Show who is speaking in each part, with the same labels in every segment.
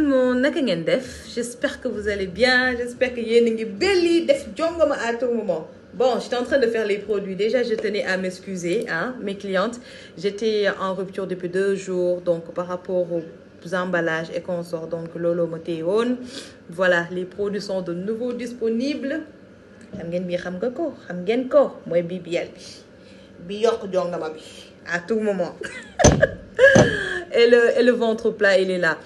Speaker 1: tout le monde naka ngeen def j'espère que vous allez bien j'espère que yéen a ngi belli def jongoma à tout moment bon j'étais en train de faire les produits déjà je tenais à m'excuser hein mes clientes j'étais en rupture depuis deux jours donc par rapport au emballage et consorts donc looloo ma téye woon voilà les produits sont de nouveau disponibles xam ngeen bii xam nga ko xam ngeen ko mooy bii bi bi bi yokk jongama bi à tout moment et le et le ventre plat il est là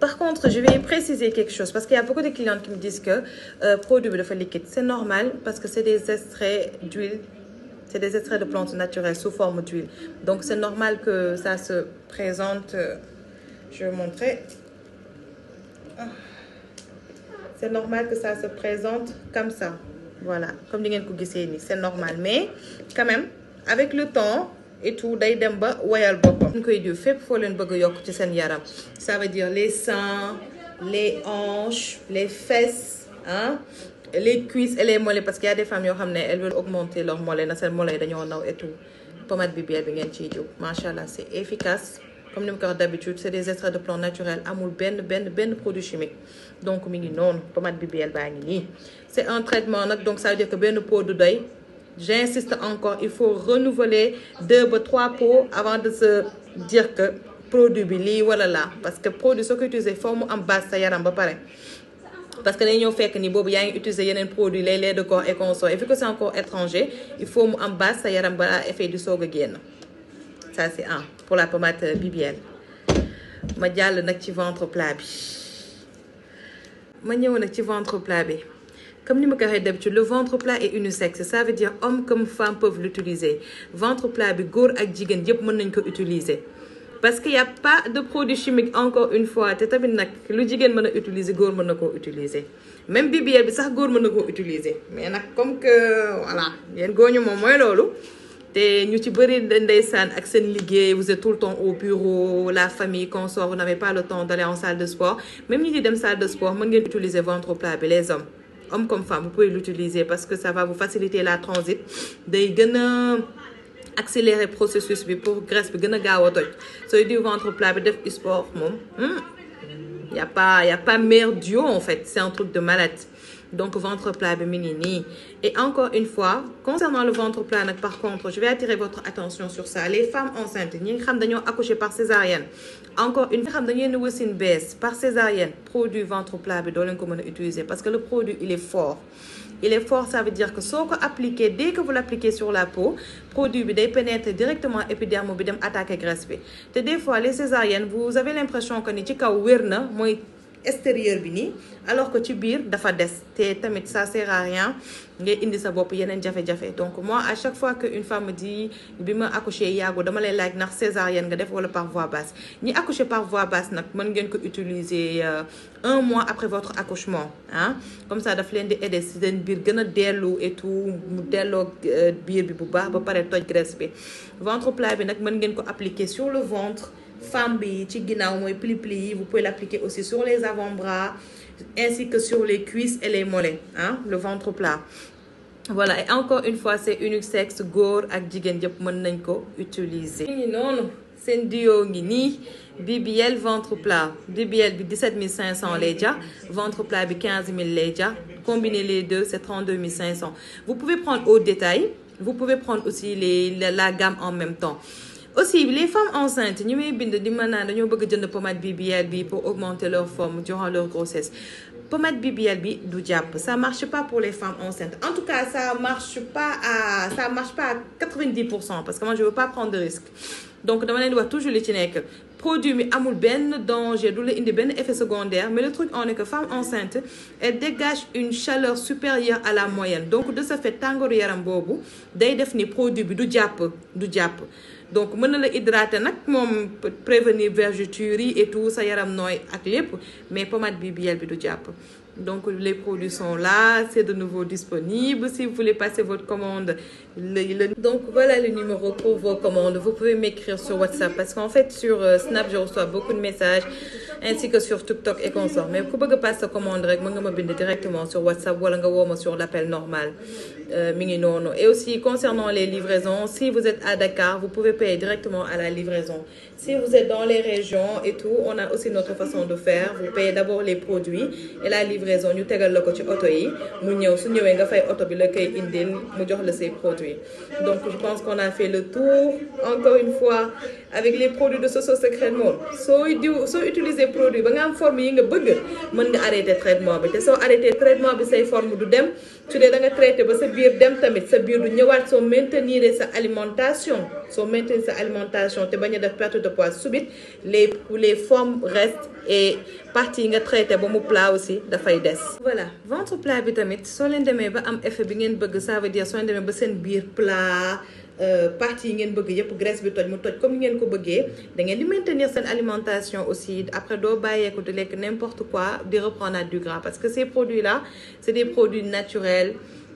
Speaker 1: Par contre, je vais préciser quelque chose parce qu'il y a beaucoup de clientes qui me disent que euh, produit bi dafa liquide. C'est normal parce que c'est des extraits d'huile, c'est des extraits de plantes naturelles sous forme d'huile. Donc c'est normal que ça se présente. Euh, je vais vous montrer. Ah. C'est normal que ça se présente comme ça. Voilà, comme ni ngeen ko gisee nii, c'est normal mais quand même avec le temps et tout day dem ba woyal boppam dañ koy diw fépp foo leen bëgg yokk ci seen yaram saa veut dire les seins les hanches les fesses ah les cuisses et les mollets parce qu'il y a des yoo xam ne elles veulent augmenter leurs mollets na seen mollets dañoo naw et tout pommade bibière bi ngeen ciy diw macha allah c'est efficace comme ni ma ko wax d'habitude c'est des extraits de plantes naturels amul benn benn benn produit chimique donc mi ngi noonu bi bibière baa ngi nii c'est un traitement donc ça veut dire pot du doy J'insiste encore, il faut renouveler deux ba trois pots avant de se dire que produit bi lii wala laa parce que produit soo ko utiliser foo mu am baas sa yaram ba pare parce que day ñëw fekk ni boobu yaa ngi utiliser yeneen produit lay lait de corps et consorts et vu que c'est encore étranger il faut mu am base sa yaram balaa effet di soog a génn ça c'est un pour la pommade BBL ma jàll nag ci ventre plat bi ma ñëw nag ci ventre plat bi comme ni ma ko waxee d'habitude le ventre plat est unisexe ça veut dire homme comme femme peuvent l'utiliser ventre plat bi góor ak jigéen yëpp mën nañ ko utiliser parce que y a pas de produit chimique encore une fois te tamit nag lu jigéen mën a utiliser góor mën na koo utiliser même BBL bi sax góor mën na ko utiliser mais nag comme que voilà yéen góoñu moom mooy loolu te ñu ci bëri ndeysaan ak seen liggéey vous êtes tout le temps au bureau la famille bi les hommes homme comme femme vous pouvez l'utiliser parce que ça va vous faciliter la transit day gën a accélérer processus bi pour graisse bi gën a gaaw a toj sooy diw ventre plat bi def sport moom hmm, y a pas y a pas meilleur duo en fait c'est un truc de malade donc ventre plat bi mi et encore une fois concernant le ventre plat nag par contre je vais attirer votre attention sur ça les femmes enceintes ñi nga xam dañoo accoucher par césarienne encore une fois xam dañu leen wasin bees par césarienne produit ventre plat bi doo leen ko mën a utiliser parce que le produit il est fort il veut soo ko appliqué dès que vous l'appliquez sur day pénétrer directement épiderme bi dem attaquer graisse bi te des fois les césariennes vous avez l'impression que kaw wér na mooy extérieur bi nii alors que ci biir dafa des te tamit sa sert à ngay indi sa bopp yeneen jafe-jafe donc moi à chaque fois que une femme me dit bi ma accouché yàggu dama lay laaj ndax césarienne nga def wala par voie basse ñi accouché par voie basse nag mën ngeen ko utiliser euh, un mois après votre accouchement ah comme ça daf leen di aider si seen biir gën a dellu et tout mu delloo euh, biir bi bu baax ba pare toj graisse bi ventre plat bi nag mën ngeen ko appliquer sur le femme bi ci ginnaaw mooy pli pli yi vous pouvez l'appliquer aussi sur les avant-bras ainsi que sur les cuisses et les mollets ah le ventre plat voilà encore une fois c'est unisexe góor ak jigéen yëpp mën nañ ko utiliser noonu seen ngi nii BBL ventre plat BBL bi 17500 lay jar ventre plat bi 15000 lay jar combiner les deux c'est 32500 vous pouvez prendre au détail vous pouvez prendre aussi les la, la gamme en même temps aussi les femmes enceintes ñi may bind di mën naa dañoo bëgg jënd pommade BBL bi pour augmenter leur forme durant leur grossesse pommade BBL bi du jàpp ça marche pas pour les femmes enceintes en tout cas ça marche pas à ça marche pour cent parce que moi je veux pas prendre risque donc dama leen di wax toujours li ci nekk produit mi amul benn danger du la indi benn effet secondaire mais le truc en est que femme enceinte elle dégage une chaleur supérieure à la moyenne donc de ce tàngooru yaram boobu day def ni produit bi du jàpp du jàpp donc mën na la hydrater nag moom prévenir vergetures yi et tout sa yaram nooy ak lépp mais pommade bi biel bi du jàpp donc les produits sont là c'est de nouveau disponible si vous voulez passer votre commande le, le... donc voilà le numéro pour vos commandes vous pouvez m'écrire sur WhatsApp parce qu'en fait sur euh, Snap beaucoup de messages ainsi que sur TikTok et consorts mais ku bëgg a passer nga ma directement sur WhatsApp wala nga woo sur l' normal euh, mi ngi noonu aussi concernant les livraisons si vous êtes à Dakar vous pouvez payer directement à la livraison si vous êtes dans les régions et tout on a aussi notre façon de faire vous payez d'abord les produits et la livraison ñu tegal la ko ci mu ñëw su ñëwee nga fay oto bi la mu jox produits donc je pense qu'on a fait le tour encore produit ba nga am forme yi nga bëgg mën nga arrêté traitement bi te soo arrêté traitement bi say forme du dem su dee da nga traité ba sa biir dem tamit sa biir du ñëwaat soo maintenir sa alimentation soo maintenir sa alimentation te ba ñu def perte de poids subite les les formes restent et partie yi nga traité ba mu plat aussi dafay des. voilà ventre plat bi tamit soo leen demee ba am effet bi ngeen bëgg ça veut dire soo leen demee ba seen biir plat. Euh, parties yi ngeen bëgg yëpp graisse bi toj mu toj comme ngeen ko bëggee da ngeen di maintenir seen alimentation aussi après doo bàyyeeku di lekk n'importe quoi di reprendre du gras parce que ces produits là c'est des produits naturels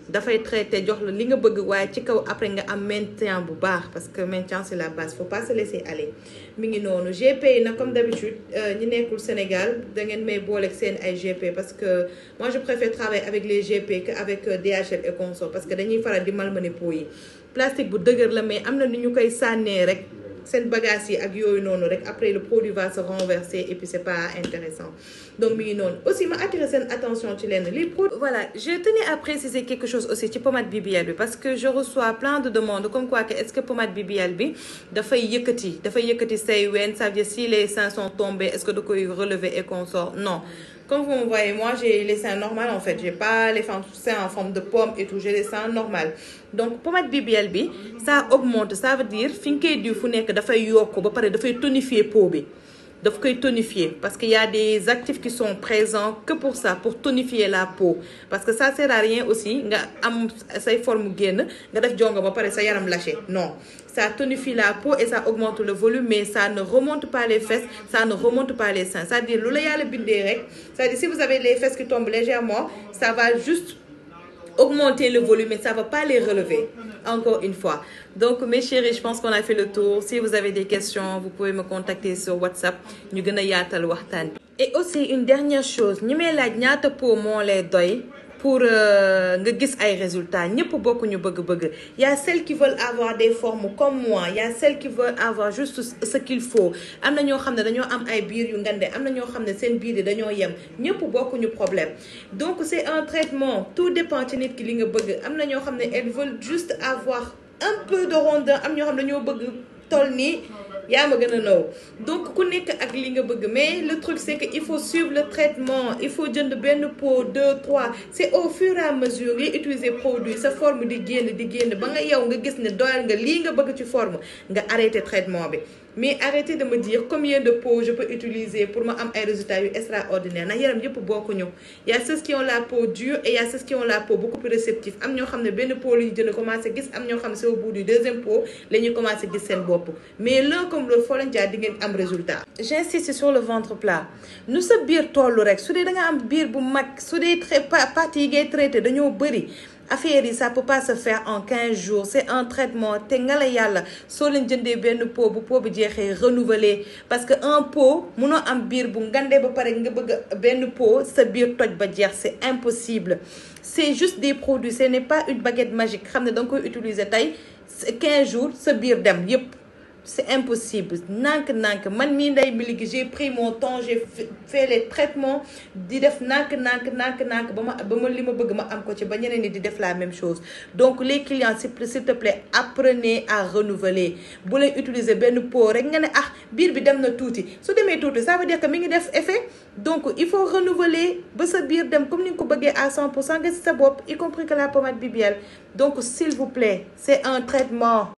Speaker 1: dafay traité jox la li nga bëgg waaye ci kaw après nga am maintien bu baax parce que maintien c'est la base faut pas se laisser aller mi ngi noonu GP yi nag comme d'habitude euh, ñi nekkul Sénégal dangeen may booleeg seen ay GP parce que moi je avec les GP avec euh, DHL et parce que dañuy faral di malmené po yi plastique bu dëgër la mais am na ni ñu koy sànnee rek seen bagage yi ak yooyu noonu rek après le produit va se renverser et puis c'est pas intéressant donc mi noonu aussi ma attirer seen attention ci lenn les produits. voilà je tenais à quelque chose aussi ci pommade BBL bi parce que je reçois plein de demandes comme quoi que est-ce que pommade BBL bi dafay yëkkati dafay yëkkati say ween ça veut dire si les seins sont tombés est-ce que Comme vous me voyez, moi, j'ai les seins normaux en fait. J'ai pas les seins en forme de pomme et tout. J'ai les seins normaux. donc pommade BBL bi sa augmente ça veut dire fi nga diw fu nekk dafay yokk ba pare dafay tonifier peau bi. dafa koy tonifier parce que ya des actifs qui sont présents que pour ça pour tonifier la peau parce que ça sert rien aussi nga am say forme génn nga def jongo ba pare sa yaram lâché non ça tonifie la peau et ça augmente le volume mais ça ne remonte pas les fesses ça ne remonte pas les seins cest dire lu la yàlla bindee rek c'est-à-dire si vous avez les fesses qui tombent légèrement ça va juste augmenter le volume, mais ça ne va pas les relever, encore une fois. Donc, mes chéris, je pense qu'on a fait le tour. Si vous avez des questions, vous pouvez me contacter sur WhatsApp. Et aussi, une dernière chose, nous pour mon les pour euh, nga gis ay résultat ñëpp bokkuñu bëgg-bëgg y a celles qui veulent avoir des formes comme moi y a celles qui veulent avoir juste ce qu'il faut am na ñoo xam ne dañoo am ay biir yu ngande am na ñoo xam ne seen biir yi dañoo yem ñëpp bokkuñu problème donc c'est un traitement tout dépend ci nit ki li nga bëgg am na ñoo xam ne elles veulent juste avoir un peu de rondeur am ñoo xam ne dañoo bëgg toll nii yaa ma gën a naw donc ku nekk ak li nga bëgg mais le truc c'est que il faut suivre le traitement il faut jënd benn pot deux trois c'est au fur et à mesure ngay utiliser produit sa forme di génn di génn ba nga yow nga gis ne doyal nga lii nga bëgg ci forme nga arrêter traitement bi mais arrêtez de me dire combien de peau je peux utiliser pour ma am ay résultats yu extraordinaire ndax yaram yëpp bokkuñu y a ceux qui ont la peau dure et y a ceux la peau beaucoup plus réceptive am ñoo xam ne benn peau la ñu jël commencé gis am ñoo xam ne c'est au bout du deuxième peau la ñuy gis seen bopp mais l'un comme l'autre foo leen jaar di ngeen am résultat j'insiste sur le ventre plat nu sa biir tollu rek su dee da nga am biir bu mag su dee pati yi ngay traité dañoo bëri affaire yi ça peut pas se faire en quinze jours c'est un traitement te nga la yàlla soo leen jëndee benn pot bu pot bi jeexee renouveler parce que un pot munoo am biir bu ngandee ba pare nga bëgg benn pot sa biir toj ba jeex c'est impossible c'est juste des produits ce n'est pas une baguette magique xam ne da nga koy utiliser tey quinze jours sa biir dem yépp c'est impossible nànk nànk man mii ndey Miliki j'ai pris mon temps j'ai fait di def nànk nànk nànk nànk ba ma ba ma li ma bëgg ma am ko ci ba ñeneen ñi di def la même chose donc les clients s'il te plaît apprenez à renouveler bu lay utiliser benn pot rek nga ne ah biir bi dem na tuuti su demee tuuti ça veut dire que mi ngi def effet donc il faut renouveler ba sa biir dem comme ni ko bëggee à 100 pour cent nga sa bopp y compris que la pommade bibielle donc s'il vous plaît c'est un traitement